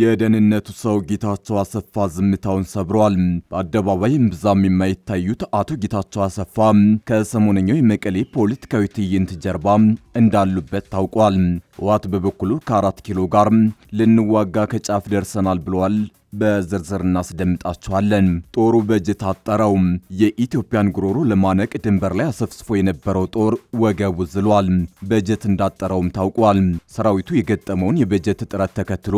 የደህንነቱ ሰው ጌታቸው አሰፋ ዝምታውን ሰብረዋል። በአደባባይም ብዛም የማይታዩት አቶ ጌታቸው አሰፋ ከሰሞነኛው የመቀሌ ፖለቲካዊ ትዕይንት ጀርባ እንዳሉበት ታውቋል። ህወሓት በበኩሉ ከአራት ኪሎ ጋር ልንዋጋ ከጫፍ ደርሰናል ብለዋል። በዝርዝር እናስደምጣቸዋለን። ጦሩ በእጅት ታጠረው የኢትዮጵያን ጉሮሮ ለማነቅ ድንበር ላይ አሰፍስፎ የነበረው ጦር ወገቡ ዝሏል። በጀት እንዳጠረውም ታውቋል። ሰራዊቱ የገጠመውን የበጀት እጥረት ተከትሎ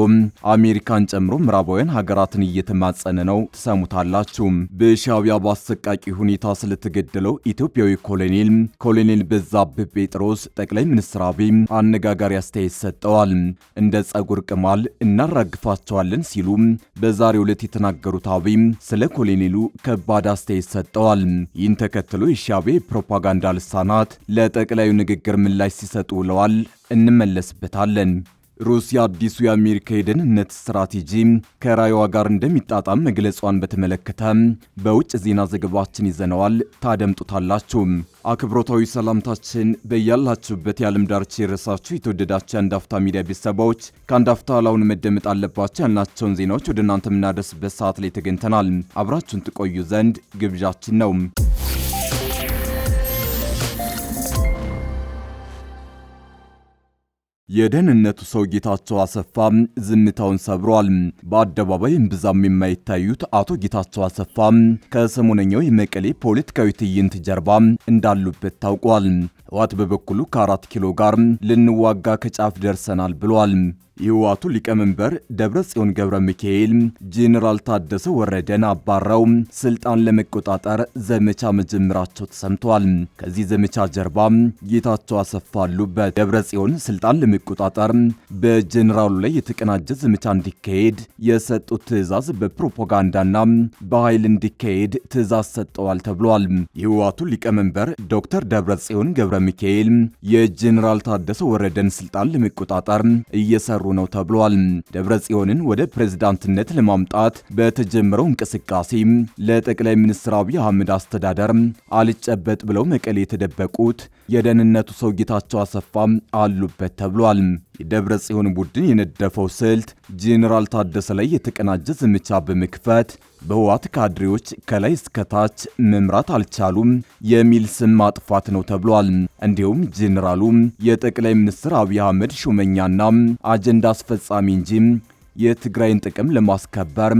አሜሪካን ጨምሮ ምዕራባውያን ሀገራትን እየተማጸነ ነው። ትሰሙታላችሁ። በሻቢያ በአሰቃቂ ሁኔታ ስለተገደለው ኢትዮጵያዊ ኮሎኔል ኮሎኔል በዛብህ ጴጥሮስ ጠቅላይ ሚኒስትር አብይ አነጋጋሪ አስተያየት ሰጥተዋል። እንደ ጸጉር ቅማል እናራግፋቸዋለን ሲሉ በዛሬው ዕለት የተናገሩት አብይ ስለ ኮሎኔሉ ከባድ አስተያየት ሰጥተዋል። ይህን ተከትሎ የሻዕቢያ የፕሮፓጋንዳ ልሳናት ለጠቅላዩ ንግግር ምላሽ ሲሰጡ ውለዋል። እንመለስበታለን። ሩሲያ አዲሱ የአሜሪካ የደህንነት ስትራቴጂ ከራይዋ ጋር እንደሚጣጣም መግለጿን በተመለከተ በውጭ ዜና ዘገባችን ይዘነዋል። ታደምጡታላችሁ። አክብሮታዊ ሰላምታችን በያላችሁበት የዓለም ዳርቻ የረሳችሁ የተወደዳችሁ የአንዳፍታ ሚዲያ ቤተሰባዎች ከአንዳፍታ ላሁን መደመጥ አለባቸው ያልናቸውን ዜናዎች ወደ እናንተ የምናደርስበት ሰዓት ላይ ተገኝተናል። አብራችሁን ትቆዩ ዘንድ ግብዣችን ነው። የደህንነቱ ሰው ጌታቸው አሰፋ ዝምታውን ሰብሯል። በአደባባይ እምብዛም የማይታዩት አቶ ጌታቸው አሰፋ ከሰሞነኛው የመቀሌ ፖለቲካዊ ትዕይንት ጀርባ እንዳሉበት ታውቋል። ህወሓት በበኩሉ ከአራት ኪሎ ጋር ልንዋጋ ከጫፍ ደርሰናል ብሏል። የህወሓቱ ሊቀመንበር ደብረ ጽዮን ገብረ ሚካኤል ጄኔራል ታደሰ ወረደን አባረው ስልጣን ለመቆጣጠር ዘመቻ መጀመራቸው ተሰምተዋል። ከዚህ ዘመቻ ጀርባ ጌታቸው አሰፋ አሉበት። ደብረ ጽዮን ስልጣን ለመቆጣጠር በጄኔራሉ ላይ የተቀናጀ ዘመቻ እንዲካሄድ የሰጡት ትዕዛዝ በፕሮፓጋንዳና በኃይል እንዲካሄድ ትዕዛዝ ሰጠዋል ተብሏል። የህወሓቱ ሊቀመንበር ዶክተር ደብረ ጽዮን ገብረ ሚካኤል የጄኔራል ታደሰ ወረደን ስልጣን ለመቆጣጠር እየሰሩ እየሰሩ ነው ተብሏል። ደብረ ጽዮንን ወደ ፕሬዝዳንትነት ለማምጣት በተጀመረው እንቅስቃሴ ለጠቅላይ ሚኒስትር አብይ አህመድ አስተዳደር አልጨበጥ ብለው መቀሌ የተደበቁት የደህንነቱ ሰው ጌታቸው አሰፋ አሉበት ተብሏል። የደብረ ጽዮን ቡድን የነደፈው ስልት ጄኔራል ታደሰ ላይ የተቀናጀ ዘመቻ በመክፈት በህወሓት ካድሬዎች ከላይ እስከ ታች መምራት አልቻሉም የሚል ስም ማጥፋት ነው ተብሏል። እንዲሁም ጄኔራሉ የጠቅላይ ሚኒስትር አብይ አህመድ ሹመኛና አጀንዳ አስፈጻሚ እንጂ የትግራይን ጥቅም ለማስከበር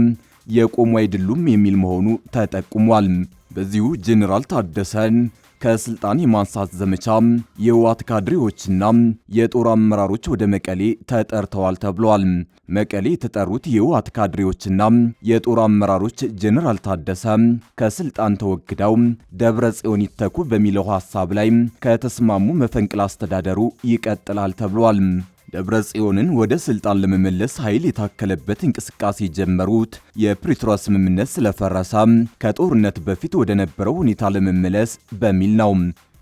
የቆሙ አይደሉም የሚል መሆኑ ተጠቁሟል። በዚሁ ጄኔራል ታደሰን ከስልጣን የማንሳት ዘመቻ የህወሓት ካድሬዎችና የጦር አመራሮች ወደ መቀሌ ተጠርተዋል ተብሏል። መቀሌ የተጠሩት የህወሓት ካድሬዎችና የጦር አመራሮች ጀኔራል ታደሰ ከስልጣን ተወግደው ደብረ ጽዮን ይተኩ በሚለው ሐሳብ ላይ ከተስማሙ መፈንቅል አስተዳደሩ ይቀጥላል ተብሏል። ደብረ ጽዮንን ወደ ስልጣን ለመመለስ ኃይል የታከለበት እንቅስቃሴ ጀመሩት። የፕሪቶሪያ ስምምነት ስለፈረሰም ከጦርነት በፊት ወደ ነበረው ሁኔታ ለመመለስ በሚል ነው።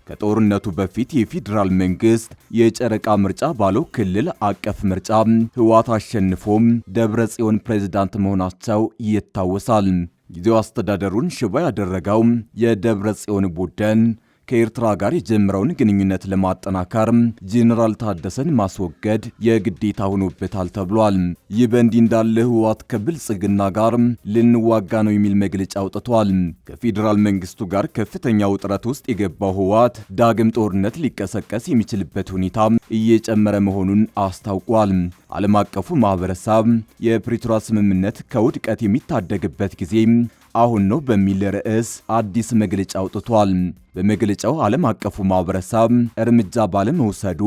ከጦርነቱ በፊት የፌዴራል መንግስት የጨረቃ ምርጫ ባለው ክልል አቀፍ ምርጫ ህወሓት አሸንፎም ደብረ ጽዮን ፕሬዝዳንት መሆናቸው ይታወሳል። ጊዜው አስተዳደሩን ሽባ ያደረገው የደብረ ጽዮን ቡድን ከኤርትራ ጋር የጀመረውን ግንኙነት ለማጠናከር ጄኔራል ታደሰን ማስወገድ የግዴታ ሆኖበታል ተብሏል። ይህ በእንዲህ እንዳለ ህወሓት ከብልጽግና ጋር ልንዋጋ ነው የሚል መግለጫ አውጥቷል። ከፌዴራል መንግስቱ ጋር ከፍተኛ ውጥረት ውስጥ የገባው ህወሓት ዳግም ጦርነት ሊቀሰቀስ የሚችልበት ሁኔታ እየጨመረ መሆኑን አስታውቋል። ዓለም አቀፉ ማህበረሰብ የፕሪቶሪያ ስምምነት ከውድቀት የሚታደግበት ጊዜ አሁን ነው በሚል ርዕስ አዲስ መግለጫ አውጥቷል። በመግለጫው ዓለም አቀፉ ማህበረሰብ እርምጃ ባለመውሰዱ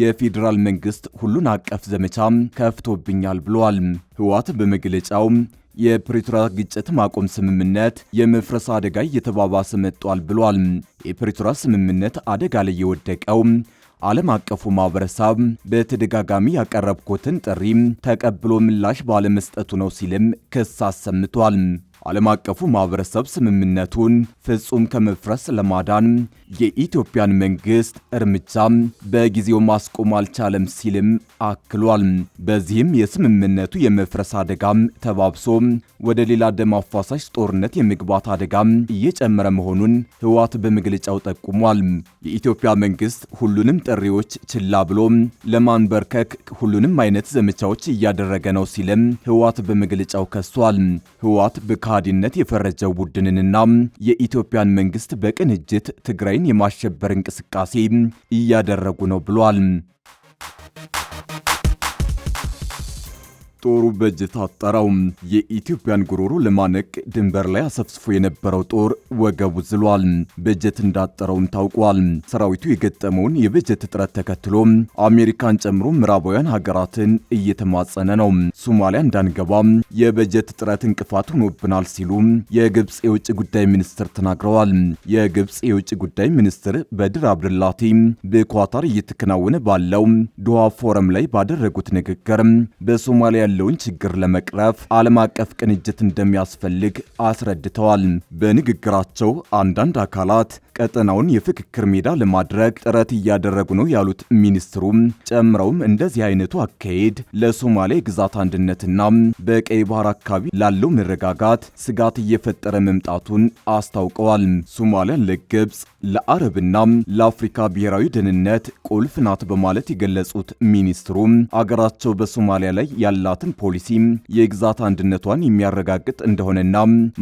የፌዴራል መንግስት ሁሉን አቀፍ ዘመቻ ከፍቶብኛል ብሏል። ህወሓት በመግለጫው የፕሪቶሪያ ግጭት ማቆም ስምምነት የመፍረስ አደጋ እየተባባሰ መጥቷል ብሏል። የፕሪቶሪያ ስምምነት አደጋ ላይ የወደቀው ዓለም አቀፉ ማህበረሰብ በተደጋጋሚ ያቀረብኩትን ጥሪ ተቀብሎ ምላሽ ባለመስጠቱ ነው ሲልም ክስ አሰምቷል። ዓለም አቀፉ ማህበረሰብ ስምምነቱን ፍጹም ከመፍረስ ለማዳን የኢትዮጵያን መንግስት እርምጃ በጊዜው ማስቆም አልቻለም ሲልም አክሏል። በዚህም የስምምነቱ የመፍረስ አደጋም ተባብሶ ወደ ሌላ ደም አፋሳሽ ጦርነት የመግባት አደጋም እየጨመረ መሆኑን ህወሓት በመግለጫው ጠቁሟል። የኢትዮጵያ መንግስት ሁሉንም ጥሪዎች ችላ ብሎ ለማንበርከክ ሁሉንም አይነት ዘመቻዎች እያደረገ ነው ሲልም ህወሓት በመግለጫው ከሷል። ህወሓት ከሃዲነት የፈረጀው ቡድንንና የኢትዮጵያን መንግስት በቅንጅት ትግራይን የማሸበር እንቅስቃሴ እያደረጉ ነው ብሏል። ጦሩ በእጅ ታጠረው። የኢትዮጵያን ጉሮሮ ለማነቅ ድንበር ላይ አሰፍስፎ የነበረው ጦር ወገቡ ዝሏል። በጀት እንዳጠረውም ታውቋል። ሰራዊቱ የገጠመውን የበጀት እጥረት ተከትሎ አሜሪካን ጨምሮ ምዕራባውያን ሀገራትን እየተማጸነ ነው። ሶማሊያ እንዳንገባ የበጀት እጥረት እንቅፋት ሆኖብናል ሲሉ የግብፅ የውጭ ጉዳይ ሚኒስትር ተናግረዋል። የግብፅ የውጭ ጉዳይ ሚኒስትር በድር አብድላቲ በኳታር እየተከናወነ ባለው ዶሃ ፎረም ላይ ባደረጉት ንግግር በሶማሊያ ያለውን ችግር ለመቅረፍ ዓለም አቀፍ ቅንጅት እንደሚያስፈልግ አስረድተዋል። በንግግራቸው አንዳንድ አካላት ቀጠናውን የፍክክር ሜዳ ለማድረግ ጥረት እያደረጉ ነው ያሉት ሚኒስትሩም ጨምረውም እንደዚህ አይነቱ አካሄድ ለሶማሌ ግዛት አንድነትና በቀይ ባህር አካባቢ ላለው መረጋጋት ስጋት እየፈጠረ መምጣቱን አስታውቀዋል። ሶማሊያን ለግብፅ ለአረብና ለአፍሪካ ብሔራዊ ደህንነት ቁልፍ ናት በማለት የገለጹት ሚኒስትሩም አገራቸው በሶማሊያ ላይ ያላት ያላትን ፖሊሲ የግዛት አንድነቷን የሚያረጋግጥ እንደሆነና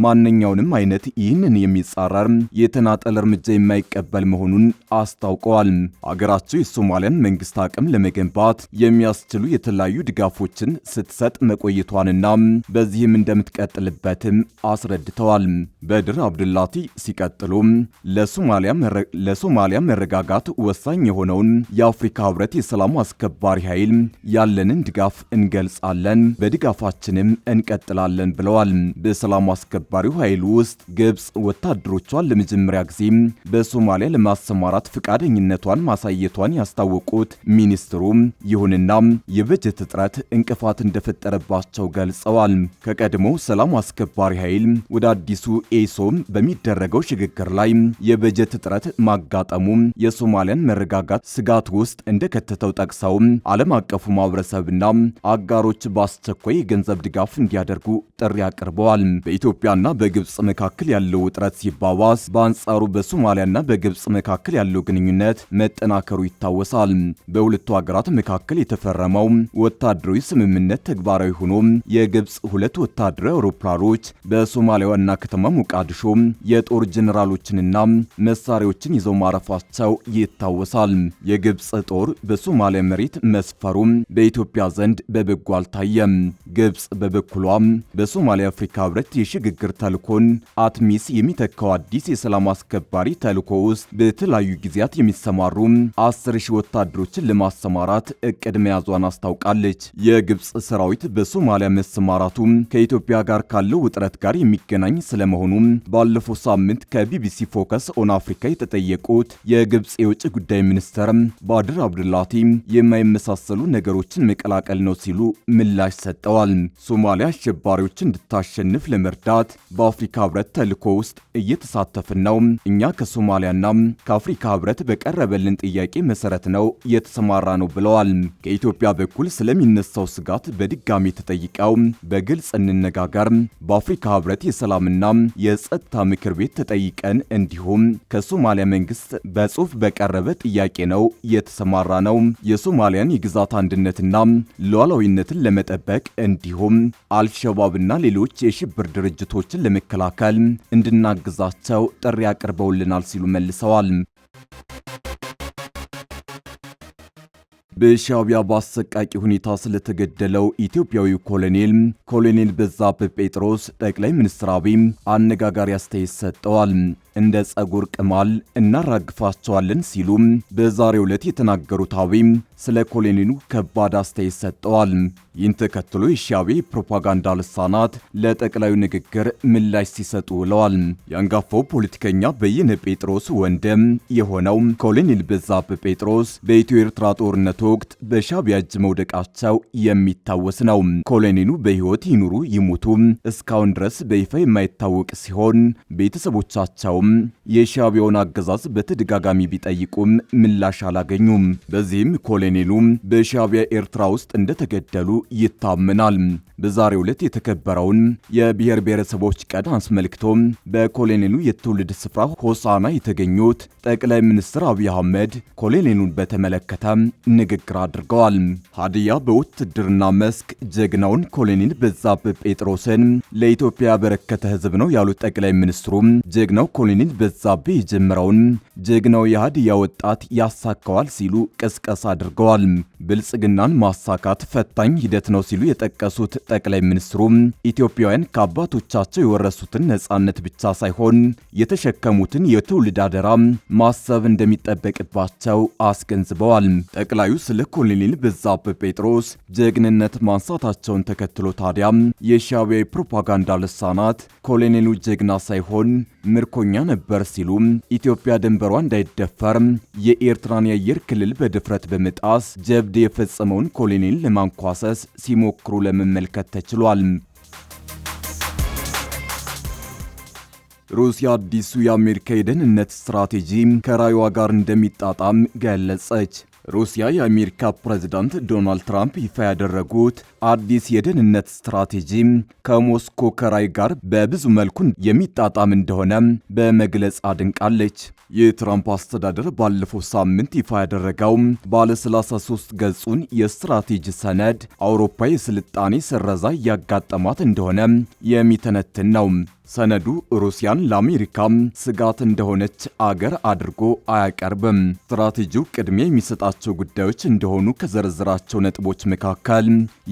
ማንኛውንም አይነት ይህንን የሚጻረር የተናጠል እርምጃ የማይቀበል መሆኑን አስታውቀዋል። አገራቸው የሶማሊያን መንግስት አቅም ለመገንባት የሚያስችሉ የተለያዩ ድጋፎችን ስትሰጥ መቆየቷንና በዚህም እንደምትቀጥልበትም አስረድተዋል። በድር አብዱላቲ ሲቀጥሉ ለሶማሊያ መረጋጋት ወሳኝ የሆነውን የአፍሪካ ህብረት የሰላም አስከባሪ ኃይል ያለንን ድጋፍ እንገልጻለን እንሰራለን፣ በድጋፋችንም እንቀጥላለን ብለዋል። በሰላም አስከባሪው ኃይል ውስጥ ግብጽ ወታደሮቿን ለመጀመሪያ ጊዜ በሶማሊያ ለማሰማራት ፈቃደኝነቷን ማሳየቷን ያስታወቁት ሚኒስትሩ ይሁንና የበጀት እጥረት እንቅፋት እንደፈጠረባቸው ገልጸዋል። ከቀድሞው ሰላም አስከባሪ ኃይል ወደ አዲሱ ኤሶም በሚደረገው ሽግግር ላይ የበጀት እጥረት ማጋጠሙ የሶማሊያን መረጋጋት ስጋት ውስጥ እንደከተተው ጠቅሰው ዓለም አቀፉ ማህበረሰብና አጋሮች በአስቸኳይ የገንዘብ ድጋፍ እንዲያደርጉ ጥሪ አቅርበዋል። በኢትዮጵያና በግብጽ መካከል ያለው ውጥረት ሲባባስ፣ በአንጻሩ በሶማሊያና በግብጽ መካከል ያለው ግንኙነት መጠናከሩ ይታወሳል። በሁለቱ ሀገራት መካከል የተፈረመው ወታደራዊ ስምምነት ተግባራዊ ሆኖ የግብጽ ሁለት ወታደራዊ አውሮፕላኖች በሶማሊያ ዋና ከተማ ሞቃዲሾ የጦር ጀኔራሎችንና መሳሪያዎችን ይዘው ማረፋቸው ይታወሳል። የግብጽ ጦር በሶማሊያ መሬት መስፈሩ በኢትዮጵያ ዘንድ በበጎ አልታየም። ግብጽ በበኩሏ የሶማሊያ አፍሪካ ህብረት የሽግግር ተልኮን አትሚስ የሚተካው አዲስ የሰላም አስከባሪ ተልኮ ውስጥ በተለያዩ ጊዜያት የሚሰማሩ አስር ሺህ ወታደሮችን ለማሰማራት እቅድ መያዟን አስታውቃለች። የግብፅ ሰራዊት በሶማሊያ መሰማራቱ ከኢትዮጵያ ጋር ካለው ውጥረት ጋር የሚገናኝ ስለመሆኑ ባለፈው ሳምንት ከቢቢሲ ፎከስ ኦን አፍሪካ የተጠየቁት የግብፅ የውጭ ጉዳይ ሚኒስትር ባድር አብዱላቲ የማይመሳሰሉ ነገሮችን መቀላቀል ነው ሲሉ ምላሽ ሰጠዋል። ሶማሊያ አሸባሪዎች እንድታሸንፍ ለመርዳት በአፍሪካ ህብረት ተልዕኮ ውስጥ እየተሳተፍን ነው። እኛ ከሶማሊያና ከአፍሪካ ህብረት በቀረበልን ጥያቄ መሰረት ነው እየተሰማራ ነው ብለዋል። ከኢትዮጵያ በኩል ስለሚነሳው ስጋት በድጋሚ ተጠይቀው በግልጽ እንነጋገር፣ በአፍሪካ ህብረት የሰላምና የጸጥታ ምክር ቤት ተጠይቀን እንዲሁም ከሶማሊያ መንግስት በጽሁፍ በቀረበ ጥያቄ ነው እየተሰማራ ነው የሶማሊያን የግዛት አንድነትና ሉዓላዊነትን ለመጠበቅ እንዲሁም አልሸባብና እና ሌሎች የሽብር ድርጅቶችን ለመከላከል እንድናግዛቸው ጥሪ አቅርበውልናል ሲሉ መልሰዋል። በሻቢያ በአሰቃቂ ሁኔታ ስለተገደለው ኢትዮጵያዊ ኮሎኔል ኮሎኔል በዛብህ ጴጥሮስ ጠቅላይ ሚኒስትር አብይ አነጋጋሪ አስተያየት ሰጠዋል። እንደ ጸጉር ቅማል እናራግፋቸዋለን ሲሉም በዛሬው ዕለት የተናገሩት አብይ ስለ ኮሎኔሉ ከባድ አስተያየት ሰጠዋል። ይህን ተከትሎ የሻዕቢያ ፕሮፓጋንዳ ልሳናት ለጠቅላዩ ንግግር ምላሽ ሲሰጡ ውለዋል። የአንጋፋው ፖለቲከኛ በየነ ጴጥሮስ ወንድም የሆነው ኮሎኔል በዛብህ ጴጥሮስ በኢትዮ ኤርትራ ጦርነት ወቅት በሻዕቢያ እጅ መውደቃቸው የሚታወስ ነው። ኮሎኔሉ በሕይወት ይኑሩ ይሙቱ እስካሁን ድረስ በይፋ የማይታወቅ ሲሆን ቤተሰቦቻቸው እንዲያውም የሻቢያውን አገዛዝ በተደጋጋሚ ቢጠይቁም ምላሽ አላገኙም። በዚህም ኮሎኔሉ በሻቢያ ኤርትራ ውስጥ እንደተገደሉ ይታመናል። በዛሬው ዕለት የተከበረውን የብሔር ብሔረሰቦች ቀን አስመልክቶ በኮሎኔሉ የትውልድ ስፍራ ሆሳና የተገኙት ጠቅላይ ሚኒስትር አብይ አህመድ ኮሎኔሉን በተመለከተ ንግግር አድርገዋል። ሀዲያ በውትድርና መስክ ጀግናውን ኮሎኔል በዛብህ ጴጥሮስን ለኢትዮጵያ ያበረከተ ህዝብ ነው ያሉት ጠቅላይ ሚኒስትሩ ጀግናው ኮሎኔል በዛብህ የጀመረውን ጀግናው የሃዲያ ወጣት ያሳካዋል ሲሉ ቅስቀሳ አድርገዋል። ብልጽግናን ማሳካት ፈታኝ ሂደት ነው ሲሉ የጠቀሱት ጠቅላይ ሚኒስትሩ ኢትዮጵያውያን ከአባቶቻቸው የወረሱትን ነጻነት ብቻ ሳይሆን የተሸከሙትን የትውልድ አደራ ማሰብ እንደሚጠበቅባቸው አስገንዝበዋል። ጠቅላዩ ስለ ኮሎኔል በዛብህ ጴጥሮስ ጀግንነት ማንሳታቸውን ተከትሎ ታዲያ የሻቢያ ፕሮፓጋንዳ ልሳናት ኮሎኔሉ ጀግና ሳይሆን ምርኮኛ ነበር ሲሉ ኢትዮጵያ ድንበሯ እንዳይደፈር የኤርትራን የአየር ክልል በድፍረት በመጣስ ጀብድ የፈጸመውን ኮሎኔል ለማንኳሰስ ሲሞክሩ ለመመልከት ተችሏል። ሩሲያ አዲሱ የአሜሪካ የደህንነት ስትራቴጂ ከራዩዋ ጋር እንደሚጣጣም ገለጸች። ሩሲያ የአሜሪካ ፕሬዝዳንት ዶናልድ ትራምፕ ይፋ ያደረጉት አዲስ የደህንነት ስትራቴጂ ከሞስኮ ከራይ ጋር በብዙ መልኩ የሚጣጣም እንደሆነ በመግለጽ አድንቃለች። የትራምፕ አስተዳደር ባለፈው ሳምንት ይፋ ያደረገው ባለ 33 ገጹን የስትራቴጂ ሰነድ አውሮፓ የስልጣኔ ስረዛ እያጋጠማት እንደሆነ የሚተነትን ነው። ሰነዱ ሩሲያን ለአሜሪካ ስጋት እንደሆነች አገር አድርጎ አያቀርብም። ስትራቴጂው ቅድሚያ የሚሰጣቸው ያነሷቸው ጉዳዮች እንደሆኑ ከዘረዘራቸው ነጥቦች መካከል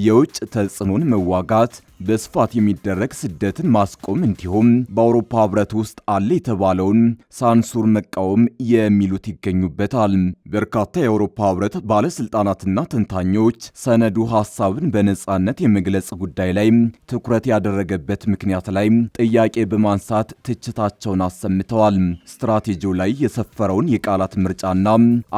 የውጭ ተጽዕኖን መዋጋት፣ በስፋት የሚደረግ ስደትን ማስቆም እንዲሁም በአውሮፓ ህብረት ውስጥ አለ የተባለውን ሳንሱር መቃወም የሚሉት ይገኙበታል። በርካታ የአውሮፓ ህብረት ባለስልጣናትና ተንታኞች ሰነዱ ሀሳብን በነጻነት የመግለጽ ጉዳይ ላይ ትኩረት ያደረገበት ምክንያት ላይ ጥያቄ በማንሳት ትችታቸውን አሰምተዋል። ስትራቴጂው ላይ የሰፈረውን የቃላት ምርጫና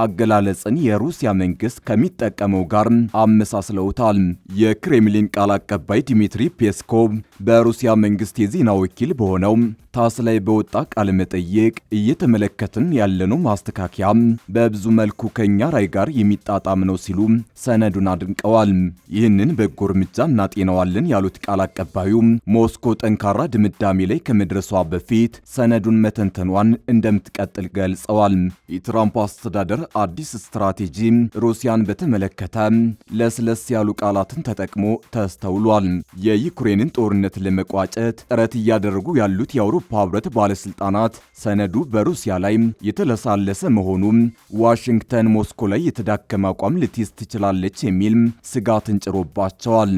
አገላለጽን የሩሲያ መንግስት ከሚጠቀመው ጋር አመሳስለውታል። የክሬምሊን ቃል አቀባይ ዲሚትሪ ፔስኮቭ በሩሲያ መንግስት የዜና ወኪል በሆነው ታስ ላይ በወጣ ቃለ መጠይቅ እየተመለከትን ያለነው ማስተካከያ በብዙ መልኩ ከኛ ራይ ጋር የሚጣጣም ነው ሲሉ ሰነዱን አድንቀዋል። ይህንን በጎ እርምጃ እናጤነዋለን ያሉት ቃል አቀባዩ ሞስኮ ጠንካራ ድምዳሜ ላይ ከመድረሷ በፊት ሰነዱን መተንተኗን እንደምትቀጥል ገልጸዋል። የትራምፕ አስተዳደር አዲስ ስትራቴጂ ሩሲያን በተመለከተ ለስለስ ያሉ ቃላትን ተጠቅሞ ተስተውሏል። የዩክሬንን ጦርነት ለመቋጨት ጥረት እያደረጉ ያሉት የአውሮፓ ህብረት ባለስልጣናት ሰነዱ በሩሲያ ላይ የተለሳለሰ መሆኑም ዋሽንግተን ሞስኮ ላይ የተዳከመ አቋም ልትይዝ ትችላለች የሚል ስጋትን ጭሮባቸዋል።